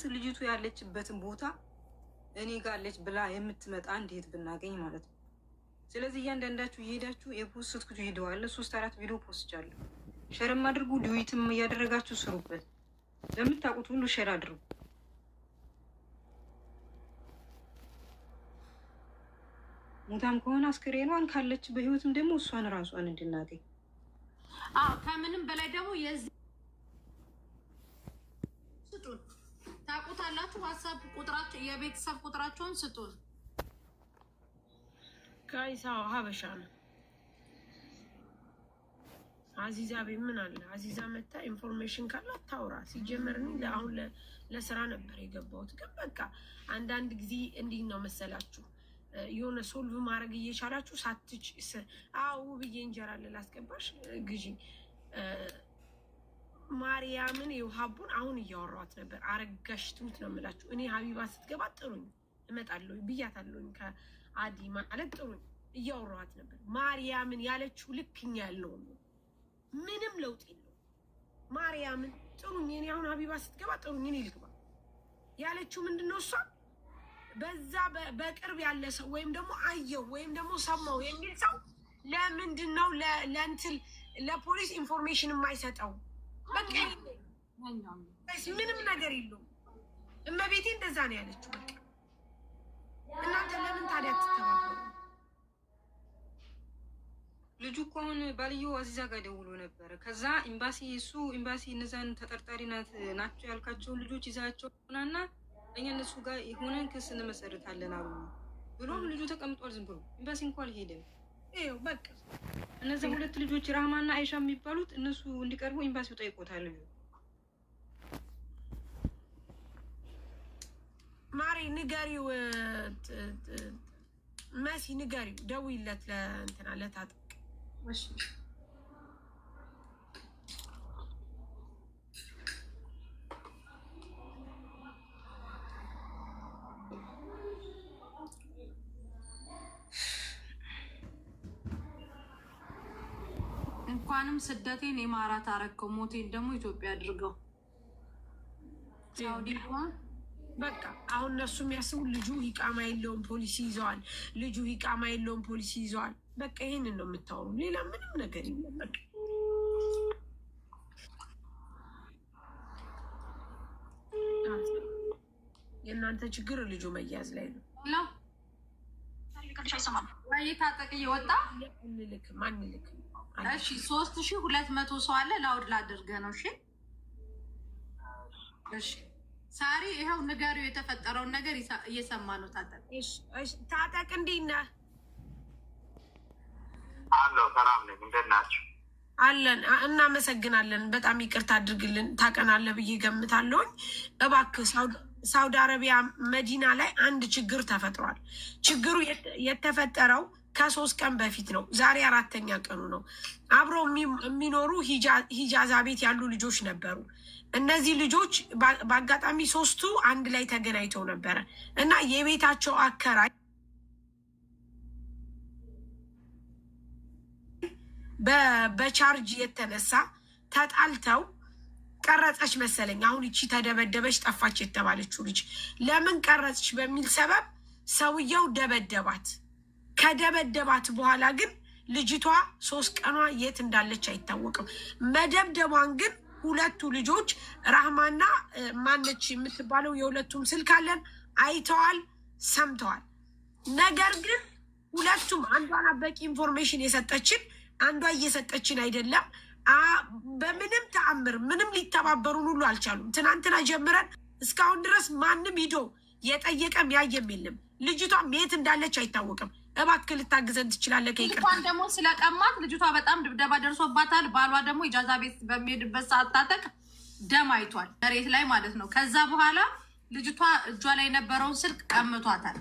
ቢያንስ ልጅቱ ያለችበትን ቦታ እኔ ጋር አለች ብላ የምትመጣ እንዴት ብናገኝ ማለት ነው። ስለዚህ እያንዳንዳችሁ እየሄዳችሁ የፖስት ኩት ሄደዋለ ሶስት አራት ቪዲዮ ፖስቻለሁ። ሸርም አድርጉ፣ ድዊትም እያደረጋችሁ ስሩበት። ለምታውቁት ሁሉ ሸር አድርጉ። ሙታም ከሆነ አስክሬኗን ካለች በህይወትም ደግሞ እሷን ራሷን እንድናገኝ ከምንም በላይ ደግሞ ታውቁታላችሁ። ዋትሳፕ ቁጥራቸው የቤተሰብ ቁጥራቸውን ስጡን። ጋይሳው ሀበሻ ነው። አዚዛ ቤት ምን አለ አዚዛ መታ ኢንፎርሜሽን ካላት ታውራ። ሲጀመር አሁን ለስራ ነበር የገባሁት፣ ግን በቃ አንዳንድ ጊዜ እንዲህ ነው መሰላችሁ የሆነ ሶልቭ ማድረግ እየቻላችሁ ሳትች አው ብዬ እንጀራ ግዢ ማርያምን የውሃቡን አሁን እያወሯት ነበር። አረጋሽ ትሙት ነው የምላችሁ። እኔ ሀቢባ ስትገባ ጥሩኝ እመጣለሁ ብያታለሁኝ። ከአዲ ማለት ጥሩኝ እያወሯት ነበር። ማርያምን ያለችው ልክኛ ያለው ምንም ለውጥ የለው። ማርያምን ጥሩኝ። እኔ አሁን ሀቢባ ስትገባ ጥሩኝ፣ እኔ ልግባ ያለችው ምንድን ነው እሷ በዛ በቅርብ ያለ ሰው ወይም ደግሞ አየው ወይም ደግሞ ሰማው የሚል ሰው ለምንድን ነው ለእንትን ለፖሊስ ኢንፎርሜሽን የማይሰጠው? በቃ ምንም ነገር የለውም። እመቤቴ እንደዛ ነው ያለችው። በቃ እናንተ ለምን ታዲያ ትተባበሩ? ልጁ እኮ አሁን ባልየው አዚዛ ጋር ደውሎ ነበረ። ከዛ ኤምባሲ እሱ ኤምባሲ እነዛን ተጠርጣሪ ናቸው ያልካቸውን ልጆች ይዛቸው ሆናና እኛ እነሱ ጋር የሆነን ክስ እንመሰርታለን አሉ ብሎም ልጁ ተቀምጧል። ዝም ብሎ ኤምባሲ እንኳ አልሄደም። ይኸው በቃ እነዚህ ሁለት ልጆች ራህማና አይሻ የሚባሉት እነሱ እንዲቀርቡ ኤምባሲው ጠይቆታል። ማሪ ንገሪው፣ መሲ ንገሪው፣ ደውይለት ለእንትና ለታጠቅ ስደቴን የማራት አረግከው፣ ሞቴን ደግሞ ኢትዮጵያ አድርገው። በቃ አሁን እነሱ የሚያስቡ ልጁ ሂቃማ የለውም ፖሊሲ ይዘዋል። ልጁ ሂቃማ የለውም ፖሊሲ ይዘዋል። በቃ ይሄንን ነው የምታወሩ፣ ሌላ ምንም ነገር የለም። በቃ የእናንተ ችግር ልጁ መያዝ ላይ ነው። ይታጠቅ እየወጣ አንልክም አንልክም እሺ ሶስት ሺ ሁለት መቶ ሰው አለ። ላውድ ላደርገ ነው። እሺ እሺ። ሳሪ ይኸው ንገሪው የተፈጠረውን ነገር እየሰማ ነው። ታጠቅ ታጠቅ፣ እንዴት ነህ? አለሁ ሰላም ነኝ። እንዴት ናችሁ? አለን እናመሰግናለን። በጣም ይቅርታ አድርግልን። ታቀናለ ብዬ ገምታለሁኝ። እባክህ ሳውዲ አረቢያ መዲና ላይ አንድ ችግር ተፈጥሯል። ችግሩ የተፈጠረው ከሶስት ቀን በፊት ነው። ዛሬ አራተኛ ቀኑ ነው። አብረው የሚኖሩ ሂጃዛ ቤት ያሉ ልጆች ነበሩ። እነዚህ ልጆች በአጋጣሚ ሶስቱ አንድ ላይ ተገናኝተው ነበረ እና የቤታቸው አከራይ በቻርጅ የተነሳ ተጣልተው ቀረጸች መሰለኝ። አሁን ይቺ ተደበደበች ጠፋች የተባለችው ልጅ ለምን ቀረጽች በሚል ሰበብ ሰውየው ደበደባት። ከደበደባት በኋላ ግን ልጅቷ ሶስት ቀኗ የት እንዳለች አይታወቅም። መደብደቧን ግን ሁለቱ ልጆች ራህማና ማነች የምትባለው የሁለቱም ስልክ አለን አይተዋል፣ ሰምተዋል። ነገር ግን ሁለቱም አንዷና በቂ ኢንፎርሜሽን የሰጠችን አንዷ እየሰጠችን አይደለም። በምንም ተአምር ምንም ሊተባበሩን ሁሉ አልቻሉም። ትናንትና ጀምረን እስካሁን ድረስ ማንም ሂዶ የጠየቀም ያየም የለም። ልጅቷም የት እንዳለች አይታወቅም። እባክህ ልታግዘን ትችላለህ? ከይቅርታን ደግሞ ስለቀማት ልጅቷ በጣም ድብደባ ደርሶባታል። ባሏ ደግሞ ኢጃዛ ቤት በሚሄድበት ሰዓት ታጠቅ ደም አይቷል፣ መሬት ላይ ማለት ነው። ከዛ በኋላ ልጅቷ እጇ ላይ የነበረውን ስልክ ቀምቷታል።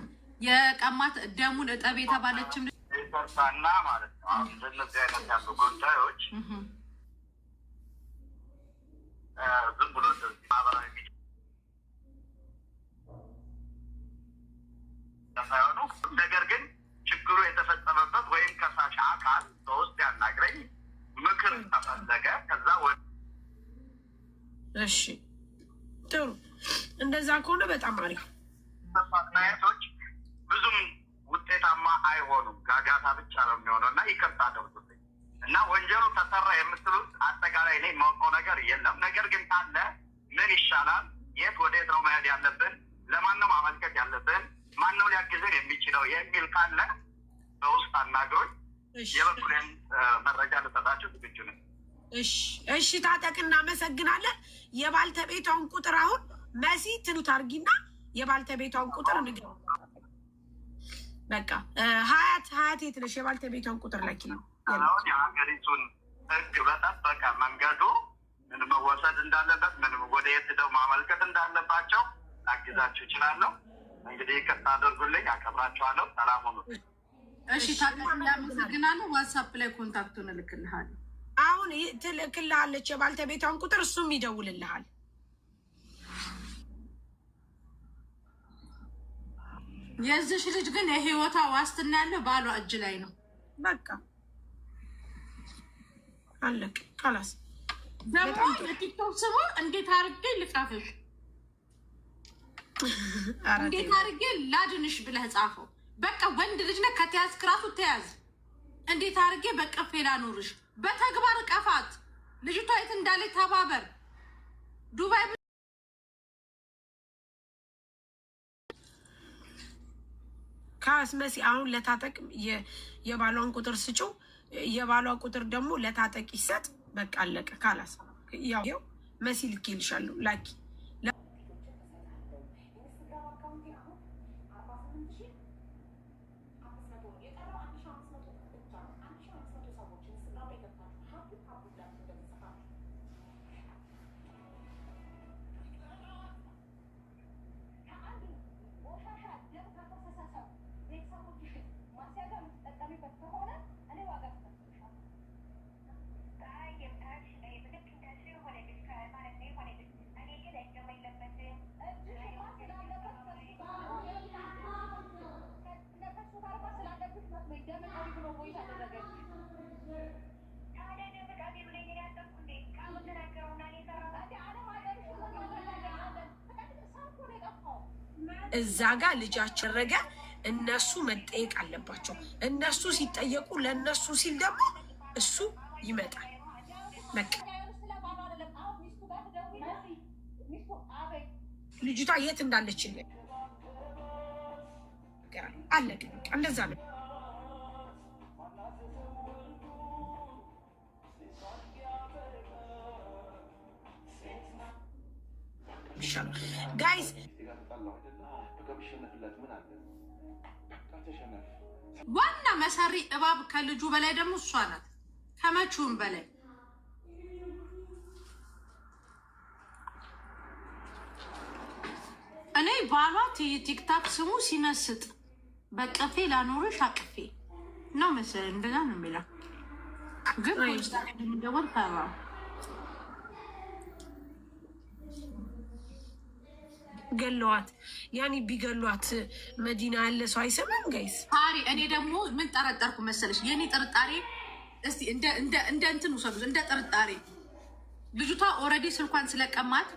የቀማት ደሙን እጠብ የተባለችም ይቅርታና ማለት ነው። አሁን እንደነዚህ አይነት ያሉ ጉዳዮች ዝም ብሎ ማህበራዊ ሚዲያ ሳይሆኑ ነገር ግን ችግሩ የተፈጸመበት ወይም ከሳሽ አካል በውስጥ ያናግረኝ፣ ምክር ተፈለገ፣ ከዛ ወ እሺ፣ ጥሩ። እንደዛ ከሆነ በጣም አሪፍ ናየቶች ብዙም ውጤታማ አይሆኑም፣ ጋጋታ ብቻ ነው የሚሆነው እና ይቅርታ አደርጉልኝ እና ወንጀሉ ተሰራ የምትሉት አጠቃላይ ላይ የማውቀው ነገር የለም። ነገር ግን ካለ ምን ይሻላል፣ የት ወዴት ነው መሄድ ያለብን፣ ለማን ነው ማመልከት ያለብን ማነው ሊያግዘን የሚችለው የሚል ካለ በውስጥ አናግሮኝ የበኩሌን መረጃ ልሰጣቸው ዝግጁ ነኝ። እሺ ታጠቅ፣ እናመሰግናለን። የባልተቤቷን ቁጥር አሁን መሲ ትሉት አርጊና የባልተቤቷን ቁጥር ንግ በቃ ሀያት ሀያት የት ነሽ? የባልተቤቷን ቁጥር ለኪ ነው አሁን የሀገሪቱን ሕግ በጠበቀ መንገዱ ምን መወሰድ እንዳለበት፣ ምን ወደ የት ሄደው ማመልከት እንዳለባቸው ላግዛችሁ ይችላለሁ። እንግዲህ ከታ አደርጉልኝ፣ አከብራችኋለሁ። ሰላም ሆኑ። እሺ ታውቃለህ፣ እንዳመሰግናለሁ። ዋትሳፕ ላይ ኮንታክቱን እልክልሃለሁ። አሁን ትልክልሃለች የባልተቤቷን ቁጥር፣ እሱም ይደውልልሃል። የዚሽ ልጅ ግን የህይወቷ ዋስትና ያለው ባሏ እጅ ላይ ነው። በቃ አለቅ። ቃላስ ደግሞ የቲክቶክ ስሙ እንዴት አድርጌ ልጻፍሽ? እንዴት አድርጌ ላድንሽ ብለህ ጻፈው። በቃ ወንድ ልጅ ነህ ከተያዝ እራሱ ተያዝ። እንዴት አድርጌ በቀፌ ላኑርሽ፣ በተግባር ቀፋት። ልጅቷ የት እንዳለ ተባበር። ዱባይ ካስ መሲ አሁን ለታጠቅ የባሏን ቁጥር ስጭው። የባሏ ቁጥር ደግሞ ለታጠቅ ይሰጥ። በቃ አለቀ። ካላስ ያው መሲ ልኬልሻለሁ ላኪ እዛ ጋር ልጃቸው ያደረገ እነሱ መጠየቅ አለባቸው። እነሱ ሲጠየቁ ለእነሱ ሲል ደግሞ እሱ ይመጣል። በቃ ልጅቷ የት እንዳለች አለቅ እንደዛ ነው። ጋይስ ማሸነፍለት ምን አለ? ተሸነፍ። ዋና መሰሪ እባብ ከልጁ በላይ ደግሞ እሷ ናት፣ ከመቼውም በላይ እኔ ባሏ ቲክታክ ስሙ ሲመስጥ በቀፌ ላኖርሽ አቅፌ ነው መሰለኝ እንደዛ ነው የሚለው ግን ደወል ገለዋት። ያኔ ቢገሏት መዲና ያለ ሰው አይሰማም ጋይስ። ሳሪ እኔ ደግሞ ምን ጠረጠርኩ መሰለሽ? የኔ ጥርጣሬ እስቲ እንደ እንትን ውሰዱት፣ እንደ ጥርጣሬ ልጅቷ ኦልሬዲ ስልኳን ስለቀማት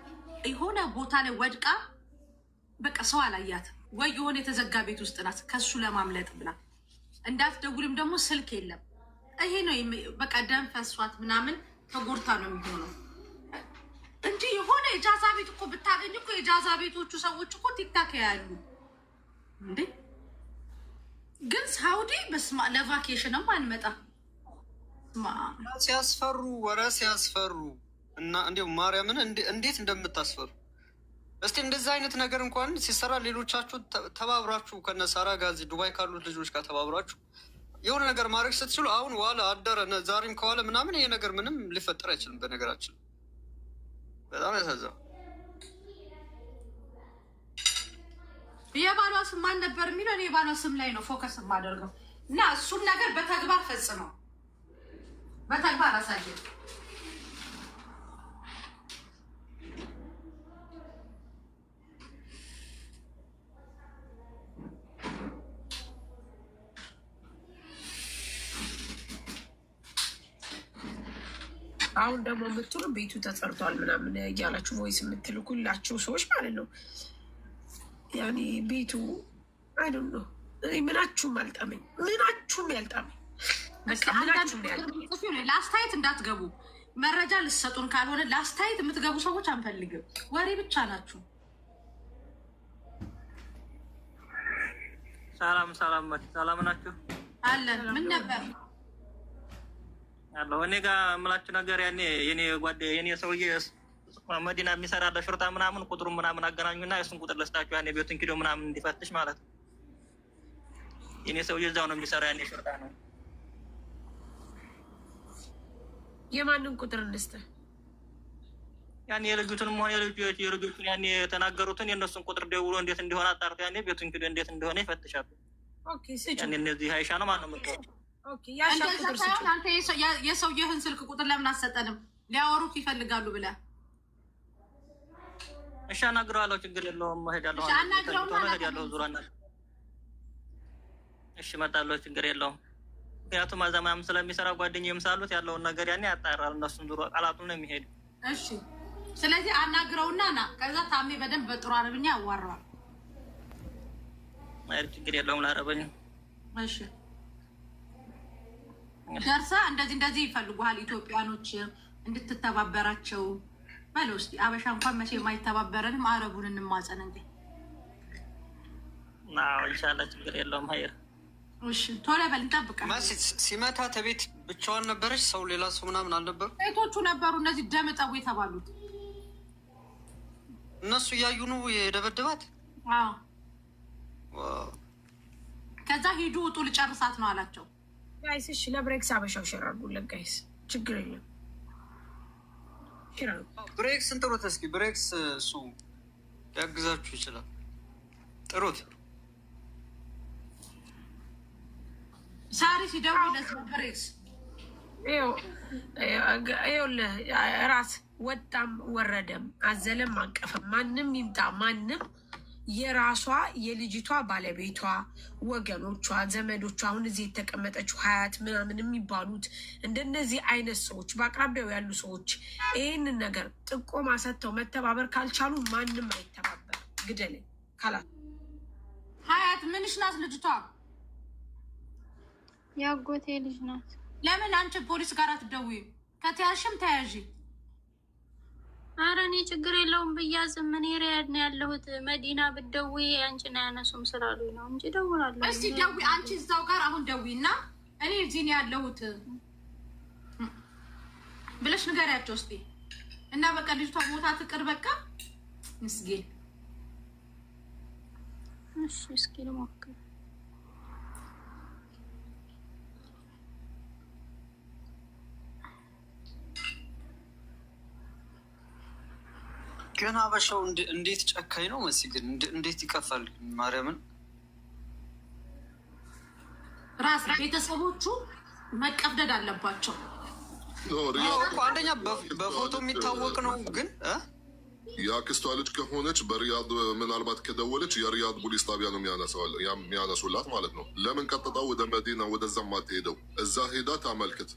የሆነ ቦታ ላይ ወድቃ በቃ ሰው አላያት ወይ የሆነ የተዘጋ ቤት ውስጥ ናት፣ ከሱ ለማምለጥ ብላ እንዳትደውልም ደግሞ ስልክ የለም። ይሄ ነው በቃ ደም ፈሷት ምናምን ተጎርታ ነው የሚሆነው። እንዲህ የሆነ የጃዛ ቤት እኮ ብታገኝ እኮ የጃዛ ቤቶቹ ሰዎች እኮ ቲክታክ ያሉ እንዴ። ግን ሳውዲ በስማ ለቫኬሽንም አንመጣም። ሲያስፈሩ ወረ ሲያስፈሩ እና እንዲሁ ማርያምን እንዴት እንደምታስፈሩ እስቲ እንደዚህ አይነት ነገር እንኳን ሲሰራ ሌሎቻችሁ ተባብራችሁ ከነሳራ ጋዚ ዱባይ ካሉት ልጆች ጋር ተባብራችሁ የሆነ ነገር ማድረግ ስትችሉ አሁን ዋለ አደረ ዛሬም ከዋለ ምናምን ይሄ ነገር ምንም ሊፈጠር አይችልም በነገራችን በጣም ያሳዝናል። የባሏ ስም ማን ነበር የሚለው እኔ የባሏ ስም ላይ ነው ፎከስ የማደርገው እና እሱን ነገር በተግባር ፈጽመው በተግባር አሳየ አሁን ደግሞ የምትሉ ቤቱ ተጸርቷል ምናምን እያላችሁ ቮይስ የምትልኩላችሁ ሰዎች ማለት ነው። ያኔ ቤቱ አይ ነው ምናችሁም አልጣመኝ፣ ምናችሁም ያልጣመኝ ለአስተያየት እንዳትገቡ መረጃ ልሰጡን ካልሆነ ለአስተያየት የምትገቡ ሰዎች አንፈልግም። ወሬ ብቻ ናችሁ። ሰላም ሰላም፣ ሰላም ናችሁ አለን። ምን ነበር አለሁ እኔ ጋር የምላችሁ ነገር ያኔ የኔ ጓደ የኔ ሰውዬ መዲና የሚሰራ ለሹርጣ ምናምን ቁጥሩ ምናምን አገናኙና የሱን ቁጥር ለስታችሁ ያኔ ቤቱን ኪዶ ምናምን እንዲፈትሽ ማለት ነው። የኔ ሰውዬ እዛው ነው የሚሰራ ያኔ ሹርጣ ነው። የማንን ቁጥር ልስተ ያኔ የልጁትን ሆነ የልጆች የልጆቹን ያኔ የተናገሩትን የእነሱን ቁጥር ደውሎ እንዴት እንደሆነ አጣርቶ ያኔ ቤቱን ኪዶ እንዴት እንደሆነ ይፈትሻሉ። እነዚህ አይሻ ነው ማነው ምትወ እንደዛ ሳይሆን የሰውየህን ስልክ ቁጥር ለምን አትሰጠንም? ሊያወሩት ይፈልጋሉ ብለህ እሺ፣ አናግረዋለሁ። ችግር የለውም። እሄዳለሁ፣ እሄዳለሁ፣ ዙራ እሺ፣ እመጣለሁ። ችግር የለውም። ምክንያቱም አዛማም ስለሚሰራ ጓደኛዬም ሳሉት ያለውን ነገር ያኔ ያጣራል። እነሱም ዙሮ ቃላቱን ነው የሚሄድ። እሺ፣ ስለዚህ አናግረውና ና። ከዛ ታሜ በደንብ በጥሩ አረብኛ ያዋራዋል። ችግር የለውም። ላረበኝ እሺ ደርሳ እንደዚህ እንደዚህ ይፈልጉሃል ኢትዮጵያኖች እንድትተባበራቸው በለው እስኪ። አበሻ እንኳን መቼ የማይተባበረንም አረቡን እንማጸን እንዴ። ኢንሻላ ችግር የለውም። ሀይር ቶሎ በል ሲመታ ተቤት ብቻዋን ነበረች። ሰው ሌላ ሰው ምናምን አልነበሩ። ሴቶቹ ነበሩ እነዚህ ደምጠቡ የተባሉት እነሱ እያዩ ነው የደበደባት። ከዛ ሂዱ ውጡ ልጨርሳት ነው አላቸው። ጋይስ እሺ፣ ለብሬክስ አበሻው ሼር አድርጉለት ጋይስ፣ ችግር የለም ብሬክስን ጥሩት። እስኪ ብሬክስ እሱ ያግዛችሁ ይችላል። ጥሩት። ሳሪ ሲደውልለት ብሬክስ ይኸውልህ፣ ወጣም ወረደም አዘለም አቀፈም ማንም ይምጣ ማንም የራሷ የልጅቷ ባለቤቷ ወገኖቿ፣ ዘመዶቿ አሁን እዚህ የተቀመጠችው ሀያት ምናምን የሚባሉት እንደነዚህ አይነት ሰዎች በአቅራቢያው ያሉ ሰዎች ይህንን ነገር ጥቆማ ሰጥተው መተባበር ካልቻሉ ማንም አይተባበር። ግደለኝ ካላት ሀያት ምንሽ ናት? ልጅቷ የአጎቴ ልጅ ናት። ለምን አንቺ ፖሊስ ጋር አትደውይም? ከተያሽም ተያዥ አረ እኔ ችግር የለውም ብያዝ ምን ሪያድ ነው ያለሁት። መዲና ብትደውይ አንቺን አያነሱም ስላሉ ነው እንጂ ደውላለሁ እስቲ ደዊ አንቺ እዛው ጋር አሁን ደውይ እና እኔ እዚህ ነው ያለሁት ብለሽ ንገሪያቸው እስቲ እና በቃ ልጅቷ ቦታ ትቅር፣ በቃ ምስጌን። እሺ እስኪ ልሞክር ግን ሀበሻው እንዴት ጨካኝ ነው መሲ! ግን እንዴት ይቀፋል? ማርያምን ራስ ቤተሰቦቹ መቀብደድ አለባቸው። አንደኛ በፎቶ የሚታወቅ ነው። ግን የአክስቷ ልጅ ከሆነች በሪያድ ምናልባት ከደወለች የሪያድ ፖሊስ ጣቢያ ነው የሚያነሱላት ማለት ነው። ለምን ቀጥታ ወደ መዲና ወደዛ ማትሄደው እዛ ሄዳ ታመልክት።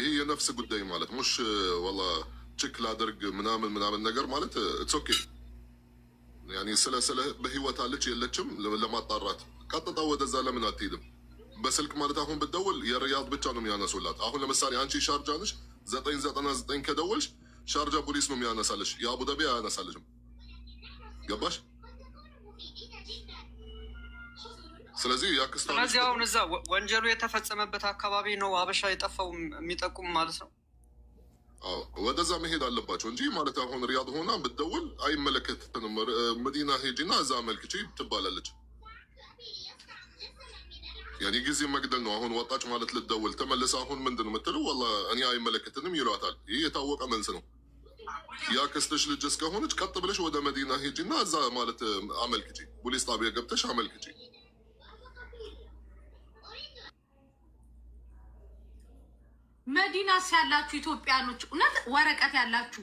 ይህ የነፍስ ጉዳይ ማለት ሙሽ ወላ ችክ ላደርግ ምናምን ምናምን ነገር ማለት ኢትስ uh, ኦኬ ያኔ ስለ ስለ በህይወት አለች የለችም ለማጣራት ቀጥታ ወደዛ ለምን አትሄድም? በስልክ ማለት አሁን ብትደውል የሪያድ ብቻ ነው የሚያነሱላት። አሁን ለምሳሌ አንቺ ሻርጃ ነሽ፣ ዘጠኝ ዘጠና ዘጠኝ ከደወልሽ ሻርጃ ፖሊስ ነው የሚያነሳለሽ፣ የአቡዳቢ አያነሳለሽም። ገባሽ? ስለዚህ ያክስታ ስለዚህ አሁን እዛ ወንጀሉ የተፈጸመበት አካባቢ ነው አበሻ የጠፋው የሚጠቁም ማለት ነው። ወደዛ መሄድ አለባቸው እንጂ ማለት አሁን ሪያድ ሆና ብትደውል አይመለከትንም። መዲና ሄጂና እዛ አመልክቺ ትባላለች። ያኔ ጊዜ መግደል ነው። አሁን ወጣች ማለት ልደውል ተመልሰ አሁን ምንድን የምትለው ወላ እኔ አይመለከትንም ይሏታል። ይህ የታወቀ መንስ ነው። ያ ክስትሽ ልጅ እስከሆነች ቀጥ ብለሽ ወደ መዲና ሄጂና እዛ ማለት አመልክቺ፣ ፖሊስ ጣቢያ ገብተሽ አመልክቺ። መዲናስ ያላችሁ ኢትዮጵያኖች እውነት ወረቀት ያላችሁ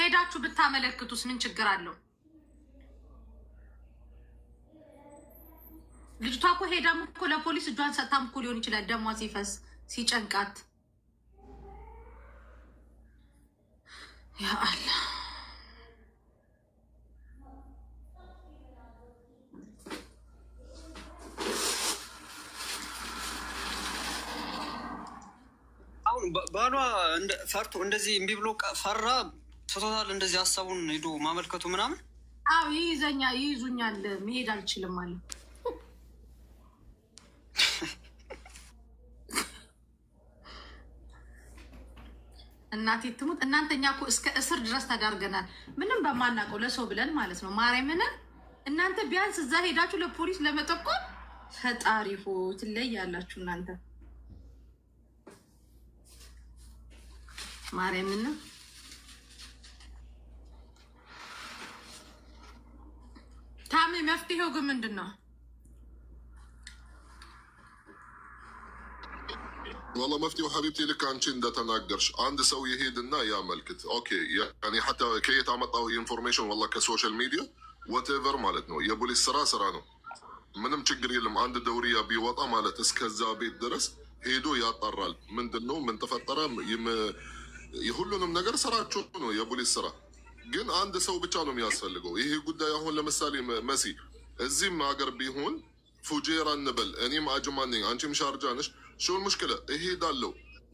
ሄዳችሁ ብታመለክቱስ ምን ችግር አለው? ልጅቷ እኮ ሄዳም እኮ ለፖሊስ እጇን ሰጥታም እኮ ሊሆን ይችላል። ደሟ ሲፈስ ሲጨንቃት ያ ባሏ ፈርቶ እንደዚህ እምቢ ብሎ ፈራ ትቶታል። እንደዚህ ሀሳቡን ሄዶ ማመልከቱ ምናምን አዎ ይይዘኛ ይይዙኛል፣ መሄድ አልችልም አለ። እናቴ ትሙት እናንተኛ እኮ እስከ እስር ድረስ ተዳርገናል። ምንም በማናውቀው ለሰው ብለን ማለት ነው። ማርያምን እናንተ ቢያንስ እዛ ሄዳችሁ ለፖሊስ ለመጠቆም ፈጣሪ ሆይ ትለያላችሁ እናንተ ማርያምና ታሜ መፍትሄው ግን ምንድን ነው? والله መፍትሄው ሀቢብቲ ልክ አንቺ እንደተናገርሽ አንድ ሰው ይሄድና ያመልክት። ኦኬ ያኔ ሐታ ከየት አመጣው ኢንፎርሜሽን? والله ከሶሻል ሚዲያ ወቴቨር ማለት ነው። የፖሊስ ስራ ስራ ነው። ምንም ችግር የለም። አንድ ደውሪያ ቢወጣ ማለት እስከዛ ቤት ድረስ ሄዶ ያጣራል። ምንድን ነው ምን ተፈጠረ ሁሉንም ነገር ስራቸ ነው የፖሊስ ስራ። ግን አንድ ሰው ብቻ ነው የሚያስፈልገው። ይሄ ጉዳይ አሁን ለምሳሌ መሲ እዚህም ሀገር ቢሆን ፉጄራ እንበል፣ እኔም አጅማ ነኝ፣ አንቺም ሻርጃ ነሽ። ሽን ሙሽክለ እሄዳለሁ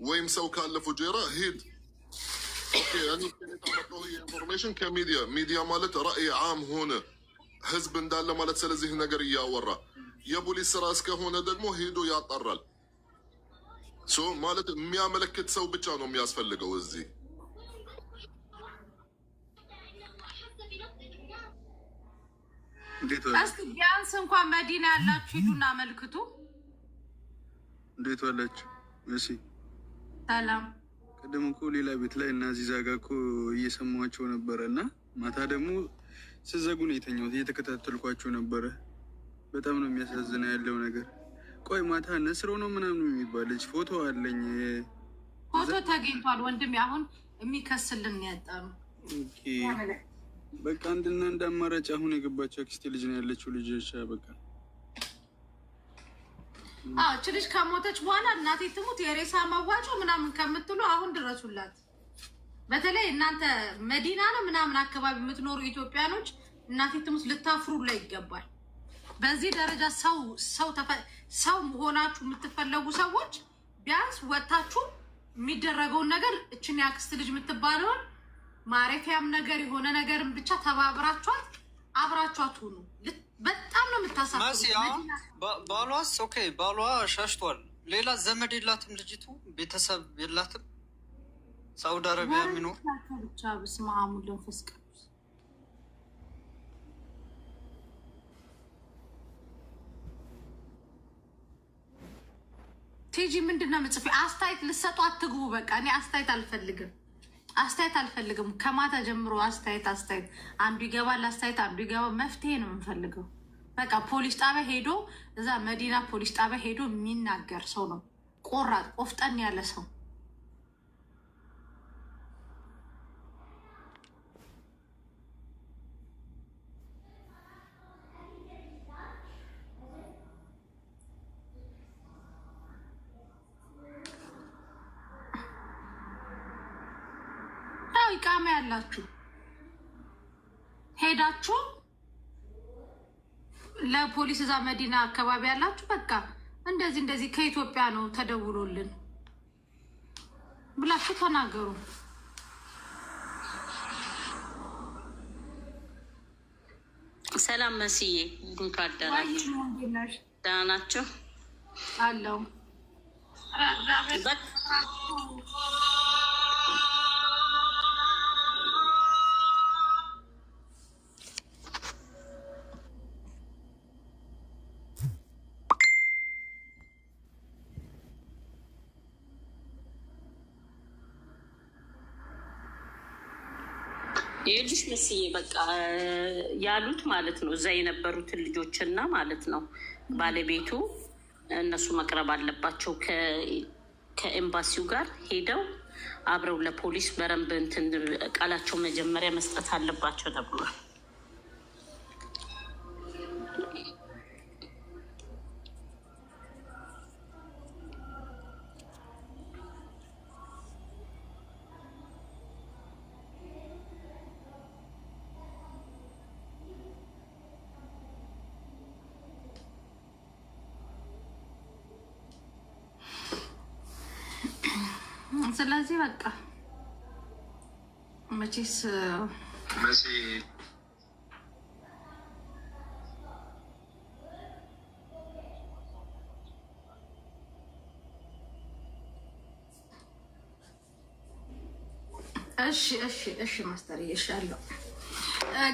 ወይም ሰው ካለ ፉጄራ ሄድ ኢንፎርሜሽን ከሚዲያ ሚዲያ ማለት ራእይ ዓም ሆነ ህዝብ እንዳለ ማለት ስለዚህ ነገር እያወራ የፖሊስ ስራ እስከሆነ ደግሞ ሄዶ ያጣራል። ሶ ማለት የሚያመለክት ሰው ብቻ ነው የሚያስፈልገው እዚህ እስቲ ቢያንስ እንኳን መዲና ያላችሁ ሂዱና አመልክቱ። እንዴት ዋላችሁ? መሲ ሰላም። ቅድም እኮ ሌላ ቤት ላይ እና ዚዛ ጋ እኮ እየሰማኋቸው ነበረ እና ማታ ደግሞ ስዘጉ ነው የተኛሁት፣ እየተከታተልኳቸው ነበረ። በጣም ነው የሚያሳዝነው ያለው ነገር ቆይ ማታ ነስሮ ነው ምናምን የሚባለች ፎቶ አለኝ። ፎቶ ተገኝቷል ወንድሜ። አሁን የሚከስልን ያጣ ነው። በቃ አንድና እንደ አማራጭ አሁን የገባቸው አክስቴ ልጅ ነው ያለችው ልጅ ሻ በቃ እች ልጅ ከሞተች በኋላ እናቴ ትሙት የሬሳ መዋጮ ምናምን ከምትሉ አሁን ድረሱላት። በተለይ እናንተ መዲና ነው ምናምን አካባቢ የምትኖሩ ኢትዮጵያኖች እናቴ ትሙት ልታፍሩላ ይገባል። በዚህ ደረጃ ሰው ሰው ሰው ሆናችሁ የምትፈለጉ ሰዎች ቢያንስ ወታችሁ የሚደረገውን ነገር እችን ያክስት ልጅ የምትባለውን ማረፊያም ነገር የሆነ ነገርም ብቻ ተባብራችኋት አብራችኋት ሁኑ። በጣም ነው የምታሳሁን። ባሏስ ኦኬ፣ ባሏ ሸሽቷል። ሌላ ዘመድ የላትም ልጅቱ፣ ቤተሰብ የላትም። ሳውዲ አረቢያ የሚኖር ብቻ። በስመ አብ ቴጂ ምንድን ነው የምጽፊው? አስተያየት ልሰጡ አትግቡ። በቃ እኔ አስተያየት አልፈልግም፣ አስተያየት አልፈልግም። ከማታ ጀምሮ አስተያየት አስተያየት፣ አንዱ ይገባል፣ አስተያየት አንዱ ይገባል። መፍትሄ ነው የምፈልገው። በቃ ፖሊስ ጣቢያ ሄዶ እዛ መዲና ፖሊስ ጣቢያ ሄዶ የሚናገር ሰው ነው፣ ቆራጥ ቆፍጠን ያለ ሰው ፖሊስ እዛ መዲና አካባቢ ያላችሁ በቃ እንደዚህ እንደዚህ ከኢትዮጵያ ነው ተደውሎልን ብላችሁ ተናገሩ። ሰላም መስዬ፣ እንዴት አደራችሁ? ደህና ናቸው አለው ይኸውልሽ መስዬ በቃ ያሉት ማለት ነው እዛ የነበሩትን ልጆችና ማለት ነው ባለቤቱ እነሱ መቅረብ አለባቸው ከኤምባሲው ጋር ሄደው አብረው ለፖሊስ በረንብ እንትን ቃላቸው መጀመሪያ መስጠት አለባቸው ተብሏል። ስለዚህ በቃ መቼስ እሺ እሺ እሺ ማስተር እሺ አለው።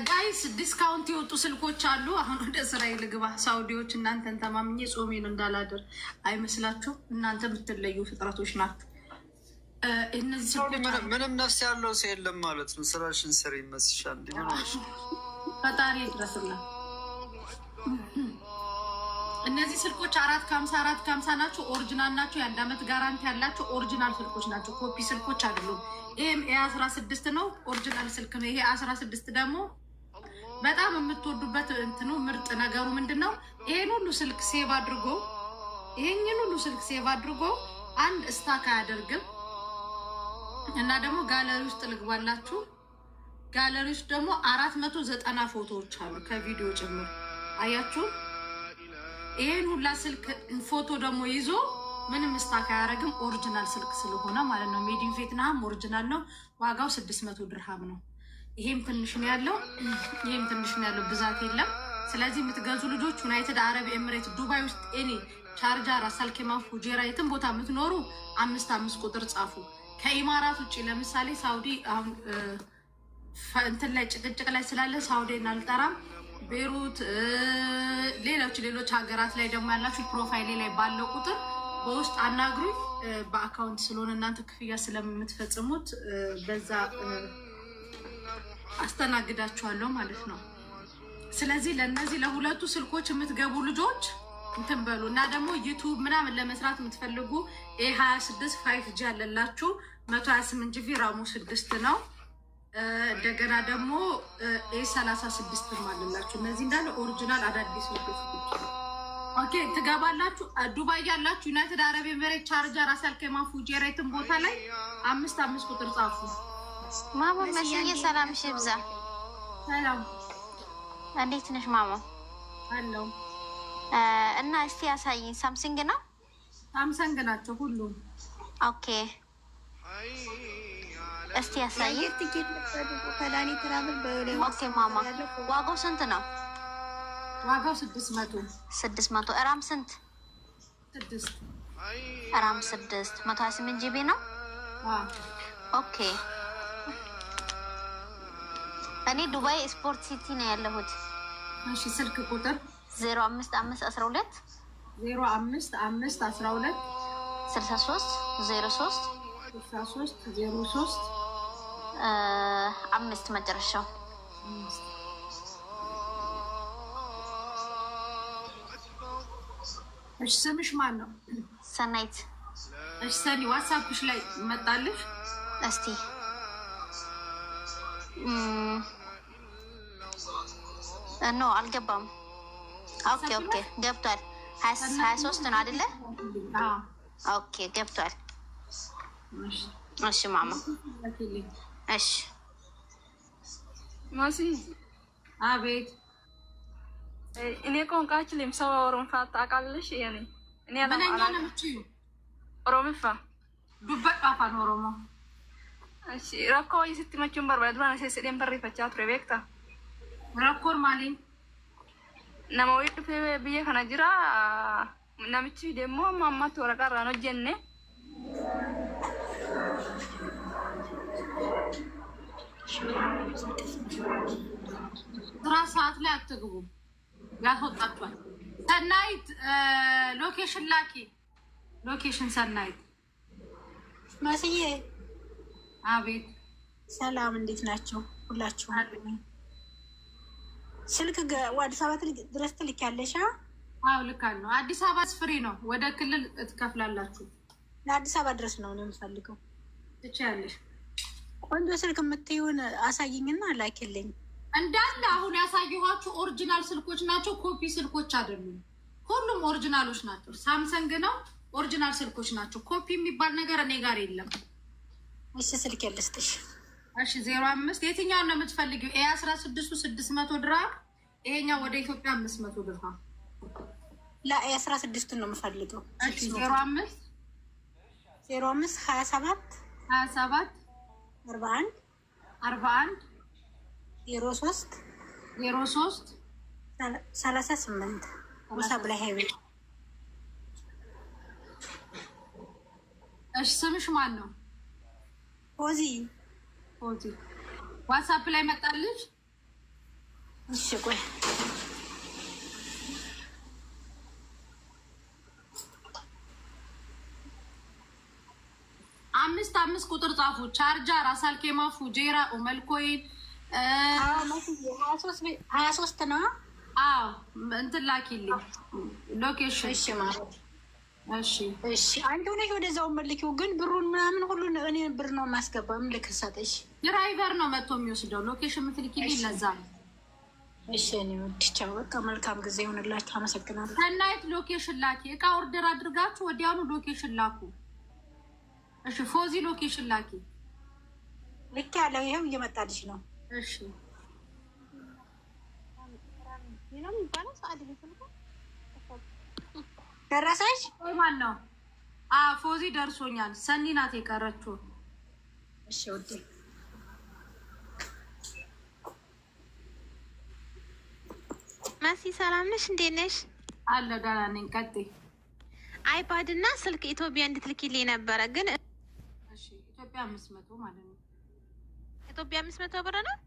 ጋይስ ዲስካውንት የወጡ ስልኮች አሉ። አሁን ወደ ስራዬ ልግባ። ሳውዲዎች እናንተን ተማምኜ ጾሜን እንዳላድር አይመስላችሁ። እናንተ የምትለዩ ፍጥረቶች ናቸው። ምንም ነፍስ ያለው ሰው የለም ማለት ነው። ስራሽን ስር ይመስሻል። ፈጣሪ ይድረስልን። እነዚህ ስልኮች አራት ከሀምሳ አራት ከሀምሳ ናቸው። ኦሪጂናል ናቸው። የአንድ አመት ጋራንቲ ያላቸው ኦሪጂናል ስልኮች ናቸው። ኮፒ ስልኮች አይደሉም። ይህም ኤ አስራ ስድስት ነው። ኦሪጂናል ስልክ ነው ይሄ አስራ ስድስት ደግሞ በጣም የምትወዱበት እንትኑ ምርጥ ነገሩ ምንድን ነው? ይህን ሁሉ ስልክ ሴቭ አድርጎ ይሄኝን ሁሉ ስልክ ሴቭ አድርጎ አንድ እስታክ አያደርግም። እና ደግሞ ጋለሪ ውስጥ ልግባላችሁ። ጋለሪ ውስጥ ደግሞ አራት መቶ ዘጠና ፎቶዎች አሉ ከቪዲዮ ጭምር አያችሁ። ይህን ሁላ ስልክ ፎቶ ደግሞ ይዞ ምንም ስታክ አያደርግም። ኦሪጂናል ስልክ ስለሆነ ማለት ነው። ሜዲን ቬትናም ኦሪጂናል ነው። ዋጋው ስድስት መቶ ድርሃም ነው። ይሄም ትንሽ ነው ያለው፣ ይሄም ትንሽ ነው ያለው። ብዛት የለም። ስለዚህ የምትገዙ ልጆች ዩናይትድ አረብ ኤምሬት፣ ዱባይ ውስጥ ኤኒ ቻርጃራ፣ ሳልኬማ፣ ፉጄራ የትም ቦታ የምትኖሩ አምስት አምስት ቁጥር ጻፉ። ከኢማራት ውጭ ለምሳሌ ሳውዲ አሁን እንትን ላይ ጭቅጭቅ ላይ ስላለ ሳውዲን አልጠራም። ቤሩት፣ ሌሎች ሌሎች ሀገራት ላይ ደግሞ ያላችሁ ፕሮፋይሌ ላይ ባለው ቁጥር በውስጥ አናግሩኝ። በአካውንት ስለሆነ እናንተ ክፍያ ስለምትፈጽሙት በዛ አስተናግዳችኋለሁ ማለት ነው። ስለዚህ ለእነዚህ ለሁለቱ ስልኮች የምትገቡ ልጆች እንትን በሉ እና ደግሞ ዩቱብ ምናምን ለመስራት የምትፈልጉ ኤ ሀያ ስድስት ፋይፍ ጂ አለላችሁ መቶ ሀያ ስምንት ጂቢ ራሙ ስድስት ነው። እንደገና ደግሞ ኤ ሰላሳ ስድስት አለላችሁ። እነዚህ እንዳለ ኦሪጂናል አዳዲስ ኦኬ ትገባላችሁ። ዱባይ ያላችሁ ዩናይትድ አረብ ኤምሬት ቻርጃ ራስ አልከማ ፉጄሬትን ቦታ ላይ አምስት አምስት ቁጥር ጻፉ። ማሞ መሽዬ ሰላም ሽብዛ ሰላም፣ እንዴት ነሽ ማሞ? አለው እና እስቲ ያሳይኝ። ሳምሰንግ ነው ሳምሰንግ ናቸው ሁሉም። ኦኬ እስቲ ያሳይኝ። ማማ ዋጋው ስንት ነው? ዋጋው ስድስት መቶ ስድስት መቶ እራም ስንት? ስድስት ራም ስድስት መቶ ሀያ ስምንት ጂቢ ነው። ኦኬ እኔ ዱባይ ስፖርት ሲቲ ነው ያለሁት። ስልክ ቁጥር ዜሮ አምስት አምስት አስራ ሁለት ዜሮ አምስት አምስት አስራ ሁለት ስልሳ ሶስት ዜሮ ሶስት ስልሳ ሶስት ዜሮ ሶስት አምስት መጨረሻው እሺ ስምሽ ማን ነው? ሰናይት። እሺ ሰኒ፣ ዋትሳፕሽ ላይ መጣልሽ። እስቲ ኖ አልገባም። ኦኬ ኦኬ ገብቷል። ሀያ ሶስት ነው አይደለ? ኦኬ ገብቷል። እሺ ማማ እሺ ማሲ አቤት። እኔ ቆንቃችልም ሰው ኦሮምፋ ታውቃለሽ? እኔ እኔ ኦሮምፋ ዱበት አፋን ኦሮሞ እሺ ረኮ ስትመቹን በርባ ድባና ሴሴዴን በሬፈቻ ቱሬ ቤክታ ረኮር ማሊን nama wayii dhufee biyya kana jira namichi deemmoo amma ammatti waraqaa irraan hojjenne ስራ ሰዓት ላይ አትግቡ፣ ያስወጣችኋል። ሰናይት ሎኬሽን ላኪ፣ ሎኬሽን ሰናይት መስዬ። አቤት ሰላም፣ እንዴት ናቸው ሁላችሁ? ስልክ አዲስ አበባ ድረስ ትልክ ያለሻ? አዎ ልካል ነው። አዲስ አበባ ስፍሪ ነው። ወደ ክልል ትከፍላላችሁ። ለአዲስ አበባ ድረስ ነው ነው የምፈልገው። ትችያለሽ። ቆንጆ ስልክ የምትይውን አሳይኝና ላኪልኝ። እንዳለ አሁን ያሳየኋችሁ ኦሪጂናል ስልኮች ናቸው። ኮፒ ስልኮች አይደሉም። ሁሉም ኦሪጂናሎች ናቸው። ሳምሰንግ ነው። ኦሪጂናል ስልኮች ናቸው። ኮፒ የሚባል ነገር እኔ ጋር የለም። እሺ ስልክ ያለስጥሽ እሺ ዜሮ አምስት የትኛውን ነው የምትፈልጊው? ኤ አስራ ስድስቱ ስድስት መቶ ይሄኛው ወደ ኢትዮጵያ አምስት መቶ ድርሃም ለኤ አስራ ስድስቱን ነው የምፈልገው። ዜሮ አምስት ዜሮ አምስት ሀያ ሰባት ሀያ ሰባት አርባ አንድ አርባ አንድ ዜሮ ሶስት ዜሮ ሶስት ሰላሳ ስምንት እሺ ስምሽ ማን ነው? ፖዚ ዋትሳፕ ላይ መጣልሽ። እሺ ቆይ አምስት አምስት ቁጥር ጻፉ። ቻርጃር፣ አሳልኬማፉ፣ ጄራ፣ ኡመልኮይን ሀያ ሶስት ነው። እንትን ላኪልኝ ሎኬሽን እሺ አንድ ሆነሽ ወደዛው መልኪው። ግን ብሩን ምናምን ሁሉ እኔ ብር ነው የማስገባ። ምልክ ሰጠሽ ድራይቨር ነው መጥቶ የሚወስደው። ሎኬሽን ምትልኪ ለዛ ነው። እሺ እኔ በቃ መልካም ጊዜ ይሆንላችሁ። አመሰግናለሁ። ከናይት ሎኬሽን ላኪ። እቃ ኦርደር አድርጋችሁ ወዲያውኑ ሎኬሽን ላኩ። እሺ ፎዚ ሎኬሽን ላኪ። ልክ ያለው ይኸው እየመጣልሽ ነው። እሺ ነው የሚባለው ሰአድ ደረሰሽ? ማን ነው? ፎዚ ደርሶኛል። ሰኒ ናት የቀረችው። እሺ ውዴ መሲ ሰላም ነሽ? እንዴት ነሽ? አለ ደህና ነኝ። ቀጥይ። አይፓድ እና ስልክ ኢትዮጵያ እንድትልኪልኝ ነበረ ግን ኢትዮጵያ አምስት መቶ ማለት ነው። ኢትዮጵያ አምስት መቶ ብር ነው።